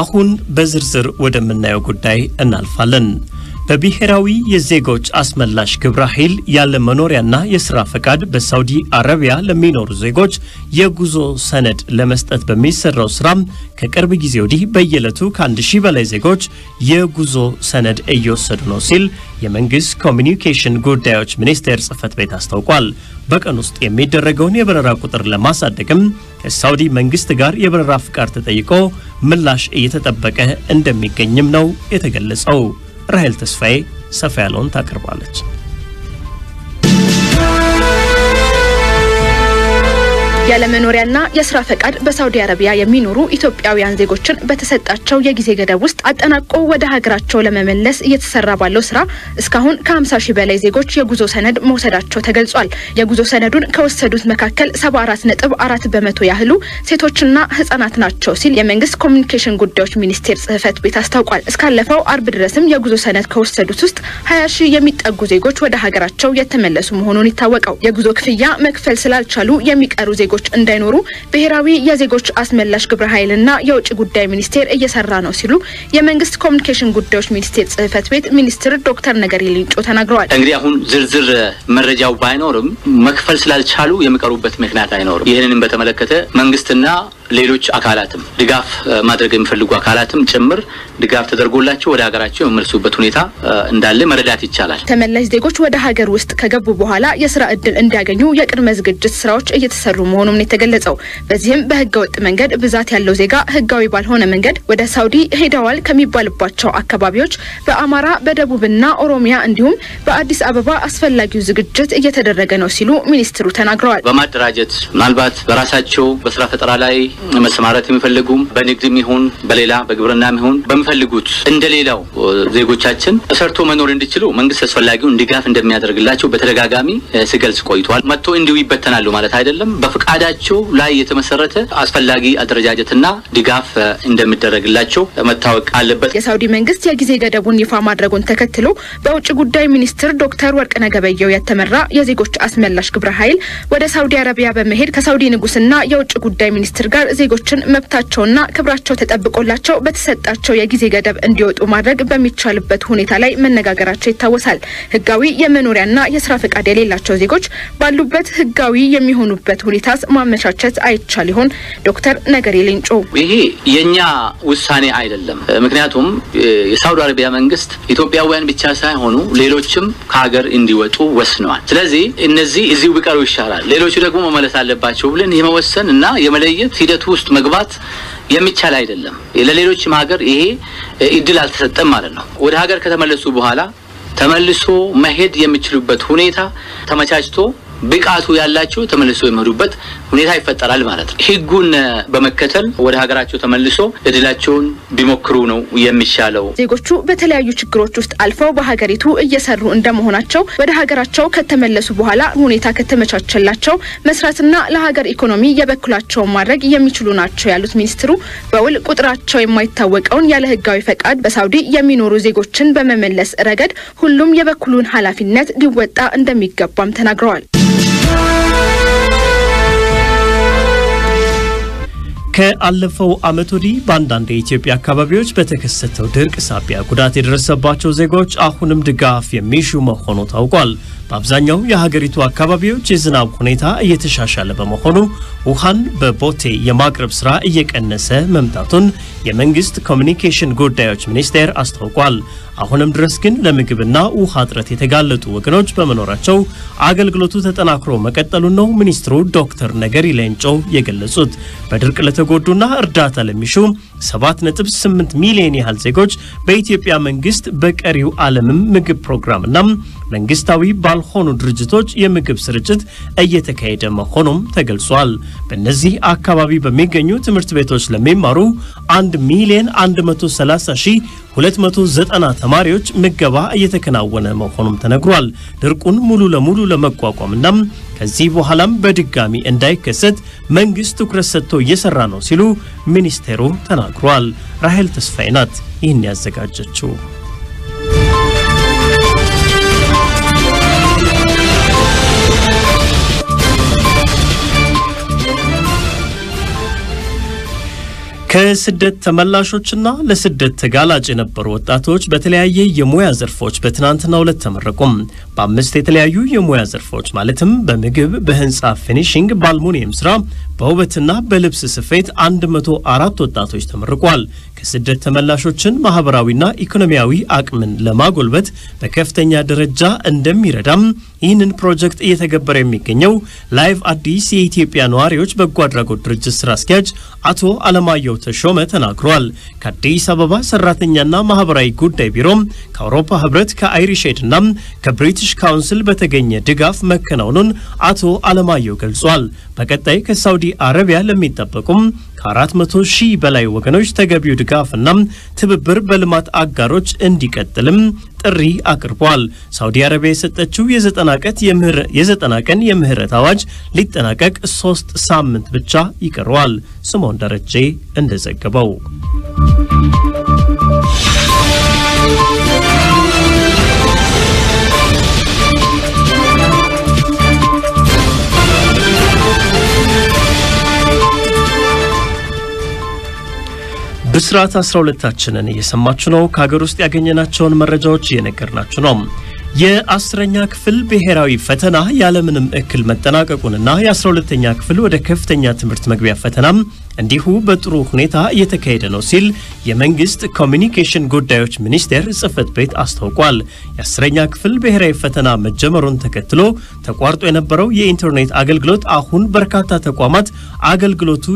አሁን በዝርዝር ወደምናየው ጉዳይ እናልፋለን። በብሔራዊ የዜጎች አስመላሽ ግብረ ኃይል ያለ መኖሪያና የስራ ፈቃድ በሳውዲ አረቢያ ለሚኖሩ ዜጎች የጉዞ ሰነድ ለመስጠት በሚሰራው ስራም ከቅርብ ጊዜ ወዲህ በየዕለቱ ከአንድ ሺህ በላይ ዜጎች የጉዞ ሰነድ እየወሰዱ ነው ሲል የመንግስት ኮሚኒኬሽን ጉዳዮች ሚኒስቴር ጽህፈት ቤት አስታውቋል። በቀን ውስጥ የሚደረገውን የበረራ ቁጥር ለማሳደግም ከሳውዲ መንግስት ጋር የበረራ ፍቃድ ተጠይቆ ምላሽ እየተጠበቀ እንደሚገኝም ነው የተገለጸው። ራሄል ተስፋዬ ሰፋ ያለውን ታቀርባለች። ያለመኖሪያና የስራ ፈቃድ በሳውዲ አረቢያ የሚኖሩ ኢትዮጵያውያን ዜጎችን በተሰጣቸው የጊዜ ገደብ ውስጥ አጠናቆ ወደ ሀገራቸው ለመመለስ እየተሰራ ባለው ስራ እስካሁን ከ50 ሺህ በላይ ዜጎች የጉዞ ሰነድ መውሰዳቸው ተገልጿል። የጉዞ ሰነዱን ከወሰዱት መካከል 74 ነጥብ አራት በመቶ ያህሉ ሴቶችና ህጻናት ናቸው ሲል የመንግስት ኮሚኒኬሽን ጉዳዮች ሚኒስቴር ጽህፈት ቤት አስታውቋል። እስካለፈው አርብ ድረስም የጉዞ ሰነድ ከወሰዱት ውስጥ 20 ሺህ የሚጠጉ ዜጎች ወደ ሀገራቸው የተመለሱ መሆኑን ይታወቀው የጉዞ ክፍያ መክፈል ስላልቻሉ የሚቀሩ ዜጎች ዜጎች እንዳይኖሩ ብሔራዊ የዜጎች አስመላሽ ግብረ ኃይልና የውጭ ጉዳይ ሚኒስቴር እየሰራ ነው ሲሉ የመንግስት ኮሚኒኬሽን ጉዳዮች ሚኒስቴር ጽህፈት ቤት ሚኒስትር ዶክተር ነገሪ ሊንጮ ተናግረዋል። እንግዲህ አሁን ዝርዝር መረጃው ባይኖርም መክፈል ስላልቻሉ የሚቀሩበት ምክንያት አይኖርም። ይህንንም በተመለከተ መንግስትና ሌሎች አካላትም ድጋፍ ማድረግ የሚፈልጉ አካላትም ጭምር ድጋፍ ተደርጎላቸው ወደ ሀገራቸው የመመልሱበት ሁኔታ እንዳለ መረዳት ይቻላል። ተመላሽ ዜጎች ወደ ሀገር ውስጥ ከገቡ በኋላ የስራ እድል እንዲያገኙ የቅድመ ዝግጅት ስራዎች እየተሰሩ መሆኑም የተገለጸው በዚህም በህገ ወጥ መንገድ ብዛት ያለው ዜጋ ህጋዊ ባልሆነ መንገድ ወደ ሳውዲ ሄደዋል ከሚባልባቸው አካባቢዎች በአማራ በደቡብና ኦሮሚያ እንዲሁም በአዲስ አበባ አስፈላጊው ዝግጅት እየተደረገ ነው ሲሉ ሚኒስትሩ ተናግረዋል። በማደራጀት ምናልባት በራሳቸው በስራ ፈጠራ ላይ መሰማረት የሚፈልጉም በንግድም ይሁን በሌላ በግብርና ይሁን እንደሚፈልጉት እንደሌላው ዜጎቻችን ተሰርቶ መኖር እንዲችሉ መንግስት አስፈላጊውን ድጋፍ እንደሚያደርግላቸው በተደጋጋሚ ሲገልጽ ቆይቷል። መጥቶ እንዲሁ ይበተናሉ ማለት አይደለም። በፍቃዳቸው ላይ የተመሰረተ አስፈላጊ አደረጃጀትና ድጋፍ እንደሚደረግላቸው መታወቅ አለበት። የሳውዲ መንግስት የጊዜ ገደቡን ይፋ ማድረጉን ተከትሎ በውጭ ጉዳይ ሚኒስትር ዶክተር ወርቅነህ ገበየሁ የተመራ የዜጎች አስመላሽ ግብረ ኃይል ወደ ሳውዲ አረቢያ በመሄድ ከሳውዲ ንጉስና የውጭ ጉዳይ ሚኒስትር ጋር ዜጎችን መብታቸውና ክብራቸው ተጠብቆላቸው በተሰጣቸው የጊዜ ከጊዜ ገደብ እንዲወጡ ማድረግ በሚቻልበት ሁኔታ ላይ መነጋገራቸው ይታወሳል። ህጋዊ የመኖሪያና የስራ ፈቃድ የሌላቸው ዜጎች ባሉበት ህጋዊ የሚሆኑበት ሁኔታስ ማመቻቸት አይቻል ይሆን? ዶክተር ነገሪ ሌንጮ ይሄ የእኛ ውሳኔ አይደለም። ምክንያቱም የሳውዲ አረቢያ መንግስት ኢትዮጵያውያን ብቻ ሳይሆኑ ሌሎችም ከሀገር እንዲወጡ ወስነዋል። ስለዚህ እነዚህ እዚሁ ቢቀሩ ይሻላል፣ ሌሎቹ ደግሞ መመለስ አለባቸው ብለን የመወሰን እና የመለየት ሂደቱ ውስጥ መግባት የሚቻል አይደለም። ለሌሎችም ሀገር ይሄ እድል አልተሰጠም ማለት ነው። ወደ ሀገር ከተመለሱ በኋላ ተመልሶ መሄድ የሚችሉበት ሁኔታ ተመቻችቶ ብቃቱ ያላቸው ተመልሶ የመሩበት ሁኔታ ይፈጠራል ማለት ነው። ህጉን በመከተል ወደ ሀገራቸው ተመልሶ እድላቸውን ቢሞክሩ ነው የሚሻለው። ዜጎቹ በተለያዩ ችግሮች ውስጥ አልፈው በሀገሪቱ እየሰሩ እንደመሆናቸው ወደ ሀገራቸው ከተመለሱ በኋላ ሁኔታ ከተመቻቸላቸው መስራትና ለሀገር ኢኮኖሚ የበኩላቸውን ማድረግ የሚችሉ ናቸው ያሉት ሚኒስትሩ በውል ቁጥራቸው የማይታወቀውን ያለ ህጋዊ ፈቃድ በሳውዲ የሚኖሩ ዜጎችን በመመለስ ረገድ ሁሉም የበኩሉን ኃላፊነት ሊወጣ እንደሚገባም ተናግረዋል። ከአለፈው ዓመት ወዲህ በአንዳንድ የኢትዮጵያ አካባቢዎች በተከሰተው ድርቅ ሳቢያ ጉዳት የደረሰባቸው ዜጎች አሁንም ድጋፍ የሚሹ መሆኑ ታውቋል። በአብዛኛው የሀገሪቱ አካባቢዎች የዝናብ ሁኔታ እየተሻሻለ በመሆኑ ውሃን በቦቴ የማቅረብ ስራ እየቀነሰ መምጣቱን የመንግስት ኮሚኒኬሽን ጉዳዮች ሚኒስቴር አስታውቋል። አሁንም ድረስ ግን ለምግብና ውሃ እጥረት የተጋለጡ ወገኖች በመኖራቸው አገልግሎቱ ተጠናክሮ መቀጠሉን ነው ሚኒስትሩ ዶክተር ነገሪ ሌንጮ የገለጹት። በድርቅ ለተጎዱና እርዳታ ለሚሹ 7.8 ሚሊዮን ያህል ዜጎች በኢትዮጵያ መንግስት በቀሪው ዓለምም ምግብ ፕሮግራምና መንግስታዊ ባልሆኑ ድርጅቶች የምግብ ስርጭት እየተካሄደ መሆኑም ተገልጿል። በእነዚህ አካባቢ በሚገኙ ትምህርት ቤቶች ለሚማሩ 1 ሚሊዮን 130290 ተማሪዎች ምገባ እየተከናወነ መሆኑም ተነግሯል። ድርቁን ሙሉ ለሙሉ ለመቋቋምና ከዚህ በኋላም በድጋሚ እንዳይከሰት መንግስት ትኩረት ሰጥቶ እየሰራ ነው ሲሉ ሚኒስቴሩ ተናግሯል። ራሄል ተስፋዬ ናት ይህን ያዘጋጀችው። ከስደት ተመላሾችና ለስደት ተጋላጭ የነበሩ ወጣቶች በተለያየ የሙያ ዘርፎች በትናንትና ሁለት ተመረቁም። በአምስት የተለያዩ የሙያ ዘርፎች ማለትም በምግብ፣ በህንፃ ፊኒሽንግ፣ በአልሙኒየም ስራ፣ በውበትና በልብስ ስፌት 104 ወጣቶች ተመርቋል። ከስደት ተመላሾችን ማህበራዊና ኢኮኖሚያዊ አቅምን ለማጎልበት በከፍተኛ ደረጃ እንደሚረዳም ይህንን ፕሮጀክት እየተገበረ የሚገኘው ላይቭ አዲስ የኢትዮጵያ ነዋሪዎች በጎ አድራጎት ድርጅት ስራ አስኪያጅ አቶ አለማየሁ ተሾመ ተናግሯል። ከአዲስ አበባ ሰራተኛና ማህበራዊ ጉዳይ ቢሮም ከአውሮፓ ህብረት ከአይሪሽ ኤድና ከብሪቲሽ ካውንስል በተገኘ ድጋፍ መከናወኑን አቶ አለማየሁ ገልጿል። በቀጣይ ከሳውዲ አረቢያ ለሚጠበቁም ከ400 ሺህ በላይ ወገኖች ተገቢው ድጋፍና ትብብር በልማት አጋሮች እንዲቀጥልም ጥሪ አቅርቧል። ሳውዲ አረቢያ የሰጠችው የዘጠና ቀን የምህረት አዋጅ ሊጠናቀቅ ሶስት ሳምንት ብቻ ይቀረዋል። ስምዖን ደረጄ እንደዘገበው ብስራት 12ታችንን እየሰማችሁ ነው። ከሀገር ውስጥ ያገኘናቸውን መረጃዎች እየነገርናችሁ ነው። የአስረኛ ክፍል ብሔራዊ ፈተና ያለምንም እክል መጠናቀቁንና የ12ተኛ ክፍል ወደ ከፍተኛ ትምህርት መግቢያ ፈተናም እንዲሁ በጥሩ ሁኔታ እየተካሄደ ነው ሲል የመንግስት ኮሚኒኬሽን ጉዳዮች ሚኒስቴር ጽህፈት ቤት አስታውቋል። የአስረኛ ክፍል ብሔራዊ ፈተና መጀመሩን ተከትሎ ተቋርጦ የነበረው የኢንተርኔት አገልግሎት አሁን በርካታ ተቋማት አገልግሎቱ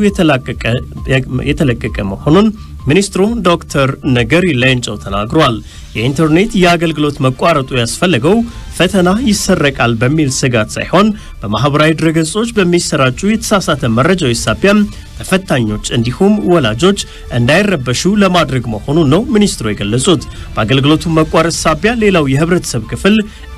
የተለቀቀ መሆኑን ሚኒስትሩ ዶክተር ነገሪ ሌንጮ ተናግሯል። የኢንተርኔት የአገልግሎት መቋረጡ ያስፈለገው ፈተና ይሰረቃል በሚል ስጋት ሳይሆን በማህበራዊ ድረገጾች በሚሰራጩ የተሳሳተ መረጃዎች ሳቢያም ፈታኞች እንዲሁም ወላጆች እንዳይረበሹ ለማድረግ መሆኑን ነው ሚኒስትሩ የገለጹት። በአገልግሎቱ መቋረጥ ሳቢያ ሌላው የህብረተሰብ ክፍል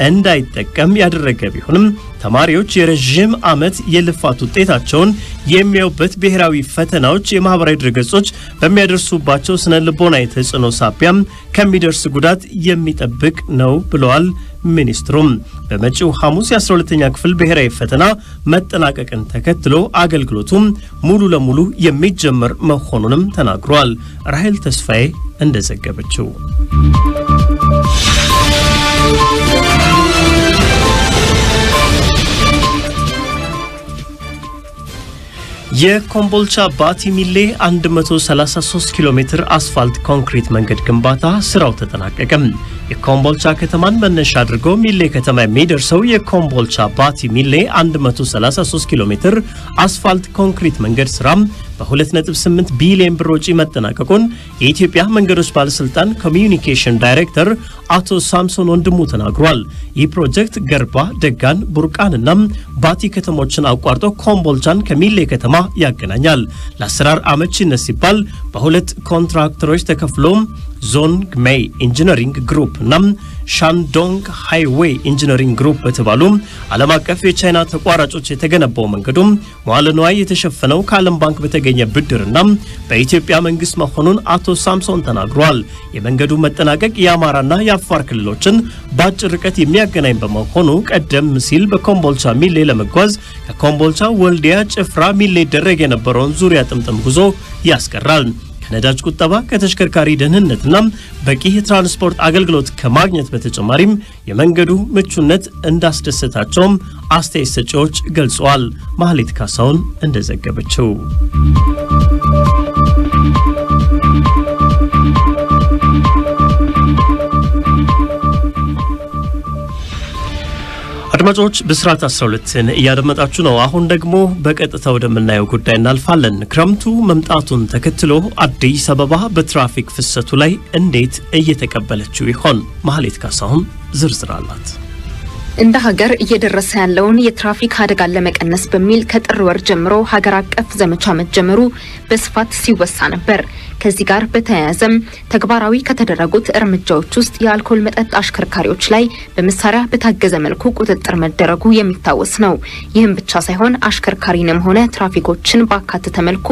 እንዳይጠቀም ያደረገ ቢሆንም ተማሪዎች የረዥም ዓመት የልፋት ውጤታቸውን የሚያዩበት ብሔራዊ ፈተናዎች የማህበራዊ ድረገጾች በሚያደርሱባቸው ስነ ልቦና የተጽዕኖ ሳቢያም ከሚደርስ ጉዳት የሚጠብቅ ነው ብለዋል። ሚኒስትሩም በመጪው ሐሙስ የ12ኛ ክፍል ብሔራዊ ፈተና መጠናቀቅን ተከትሎ አገልግሎቱም ሙሉ ለሙሉ የሚጀመር መሆኑንም ተናግሯል። ራሄል ተስፋዬ እንደዘገበችው የኮምቦልቻ ባቲ ሚሌ 133 ኪሎ ሜትር አስፋልት ኮንክሪት መንገድ ግንባታ ስራው ተጠናቀቀ። የኮምቦልቻ ከተማን መነሻ አድርጎ ሚሌ ከተማ የሚደርሰው የኮምቦልቻ ባቲ ሚሌ 133 ኪሎ ሜትር አስፋልት ኮንክሪት መንገድ ስራም በ2.8 ቢሊዮን ብር ወጪ መጠናቀቁን የኢትዮጵያ መንገዶች ባለስልጣን ኮሚዩኒኬሽን ዳይሬክተር አቶ ሳምሶን ወንድሙ ተናግሯል። ይህ ፕሮጀክት ገርባ፣ ደጋን፣ ቡርቃንና ባቲ ከተሞችን አቋርጦ ኮምቦልቻን ከሚሌ ከተማ ያገናኛል። ለአሰራር አመቺነት ሲባል በሁለት ኮንትራክተሮች ተከፍሎ ዞን ግሜይ ኢንጂነሪንግ ግሩፕ እና ሻንዶንግ ሃይዌይ ኢንጂነሪንግ ግሩፕ በተባሉ ዓለም አቀፍ የቻይና ተቋራጮች የተገነባው መንገዱም መዋለ ንዋይ የተሸፈነው ከዓለም ባንክ በተገኘ ብድርና በኢትዮጵያ መንግስት መሆኑን አቶ ሳምሶን ተናግሯል። የመንገዱ መጠናቀቅ የአማራና የአፋር ክልሎችን በአጭር ርቀት የሚያገናኝ በመሆኑ ቀደም ሲል በኮምቦልቻ ሚሌ ለመጓዝ ከኮምቦልቻ ወልዲያ፣ ጭፍራ፣ ሚሌ ይደረግ የነበረውን ዙሪያ ጥምጥም ጉዞ ያስቀራል። ነዳጅ ቁጠባ ከተሽከርካሪ ደህንነትና በቂ የትራንስፖርት አገልግሎት ከማግኘት በተጨማሪም የመንገዱ ምቹነት እንዳስደሰታቸውም አስተያየት ሰጪዎች ገልጸዋል። ማህሌት ካሳውን እንደዘገበችው አድማጮች ብስራት 12ን እያደመጣችሁ ነው። አሁን ደግሞ በቀጥታ ወደምናየው ጉዳይ እናልፋለን። ክረምቱ መምጣቱን ተከትሎ አዲስ አበባ በትራፊክ ፍሰቱ ላይ እንዴት እየተቀበለችው ይሆን? ማህሌት ካሳሁን ዝርዝር አላት። እንደ ሀገር እየደረሰ ያለውን የትራፊክ አደጋን ለመቀነስ በሚል ከጥር ወር ጀምሮ ሀገር አቀፍ ዘመቻ መጀመሩ በስፋት ሲወሳ ነበር። ከዚህ ጋር በተያያዘም ተግባራዊ ከተደረጉት እርምጃዎች ውስጥ የአልኮል መጠጥ አሽከርካሪዎች ላይ በመሳሪያ በታገዘ መልኩ ቁጥጥር መደረጉ የሚታወስ ነው። ይህም ብቻ ሳይሆን አሽከርካሪንም ሆነ ትራፊኮችን ባካተተ መልኩ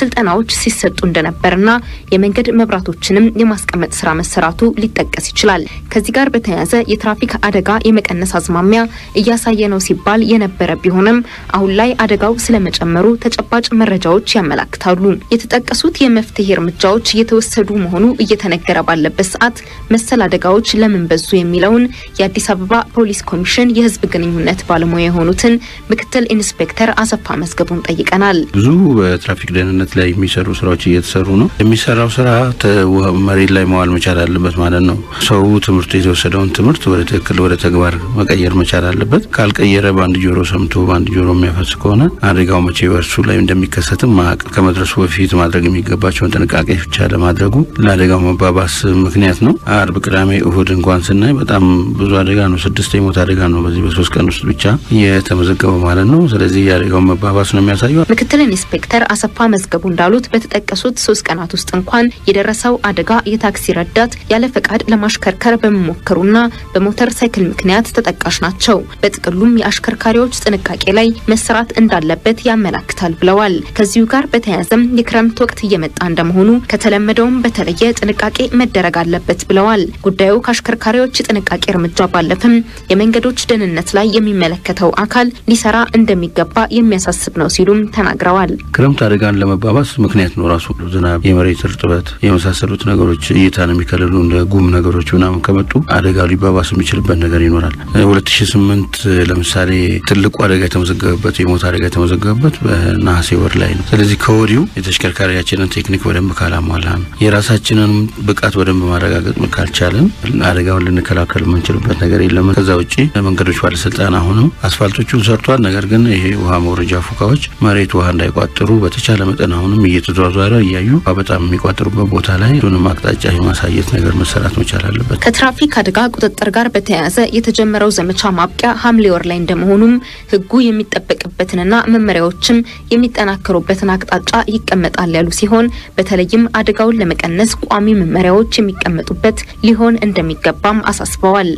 ስልጠናዎች ሲሰጡ እንደነበርና የመንገድ መብራቶችንም የማስቀመጥ ስራ መሰራቱ ሊጠቀስ ይችላል። ከዚህ ጋር በተያያዘ የትራፊክ አደጋ የመቀነስ አዝማሚያ እያሳየ ነው ሲባል የነበረ ቢሆንም አሁን ላይ አደጋው ስለመጨመሩ ተጨባጭ መረጃዎች ያመላክታሉ። የተጠቀሱት የመፍትሄ እርምጃዎች እየተወሰዱ መሆኑ እየተነገረ ባለበት ሰዓት መሰል አደጋዎች ለምን በዙ የሚለውን የአዲስ አበባ ፖሊስ ኮሚሽን የህዝብ ግንኙነት ባለሙያ የሆኑትን ምክትል ኢንስፔክተር አሰፋ መዝገቡን ጠይቀናል። ብዙ በትራፊክ ደህንነት ላይ የሚሰሩ ስራዎች እየተሰሩ ነው። የሚሰራው ስራ መሬት ላይ መዋል መቻል አለበት ማለት ነው። ሰው ትምህርቱ የተወሰደውን ትምህርት ወደ ትክክል ወደ ተግባር መቀ መቀየር መቻል አለበት። ካልቀየረ በአንድ ጆሮ ሰምቶ በአንድ ጆሮ የሚያፈስ ከሆነ አደጋው መቼ በእርሱ ላይ እንደሚከሰትም ማቅ ከመድረሱ በፊት ማድረግ የሚገባቸውን ጥንቃቄ ብቻ ለማድረጉ ለአደጋው መባባስ ምክንያት ነው። አርብ፣ ቅዳሜ፣ እሁድ እንኳን ስናይ በጣም ብዙ አደጋ ነው። ስድስት የሞት አደጋ ነው በዚህ በሶስት ቀን ውስጥ ብቻ የተመዘገበው ማለት ነው። ስለዚህ የአደጋው መባባስ ነው የሚያሳየው። ምክትል ኢንስፔክተር አሰፋ መዝገቡ እንዳሉት በተጠቀሱት ሶስት ቀናት ውስጥ እንኳን የደረሰው አደጋ የታክሲ ረዳት ያለ ፈቃድ ለማሽከርከር በመሞከሩና በሞተር ሳይክል ምክንያት ተጠቃ ተጠቃሽ ናቸው። በጥቅሉም የአሽከርካሪዎች ጥንቃቄ ላይ መሰራት እንዳለበት ያመላክታል ብለዋል። ከዚሁ ጋር በተያያዘም የክረምት ወቅት እየመጣ እንደመሆኑ ከተለመደውም በተለየ ጥንቃቄ መደረግ አለበት ብለዋል። ጉዳዩ ከአሽከርካሪዎች ጥንቃቄ እርምጃ ባለፈም የመንገዶች ደህንነት ላይ የሚመለከተው አካል ሊሰራ እንደሚገባ የሚያሳስብ ነው ሲሉም ተናግረዋል። ክረምት አደጋን ለመባባስ ምክንያት ነው ራሱ ዝናብ፣ የመሬት እርጥበት የመሳሰሉት ነገሮች እይታን የሚከልሉ እንደ ጉም ነገሮች ምናምን ከመጡ አደጋ ሊባባስ የሚችልበት ነገር ይኖራል። 2008 ለምሳሌ ትልቁ አደጋ የተመዘገበበት የሞት አደጋ የተመዘገበበት በነሐሴ ወር ላይ ነው። ስለዚህ ከወዲሁ የተሽከርካሪያችንን ቴክኒክ በደንብ ካላሟላን የራሳችንን ብቃት በደንብ ማረጋገጥ ካልቻለን አደጋውን ልንከላከል የምንችልበት ነገር የለም። ከዛ ውጭ መንገዶች ባለስልጣን አሁንም አስፋልቶቹን ሰርቷል። ነገር ግን ይሄ ውሃ መውረጃ ፉካዎች መሬት ውሃ እንዳይቋጥሩ በተቻለ መጠን አሁንም እየተዟዟረ እያዩ በጣም የሚቋጥሩበት ቦታ ላይ ሁንም አቅጣጫ የማሳየት ነገር መሰራት መቻል አለበት። ከትራፊክ አደጋ ቁጥጥር ጋር በተያያዘ የተጀመረው ዘመቻ ማብቂያ ሐምሌ ወር ላይ እንደመሆኑም ህጉ የሚጠበቅበትንና መመሪያዎችም የሚጠናከሩበትን አቅጣጫ ይቀመጣል ያሉ ሲሆን በተለይም አደጋውን ለመቀነስ ቋሚ መመሪያዎች የሚቀመጡበት ሊሆን እንደሚገባም አሳስበዋል።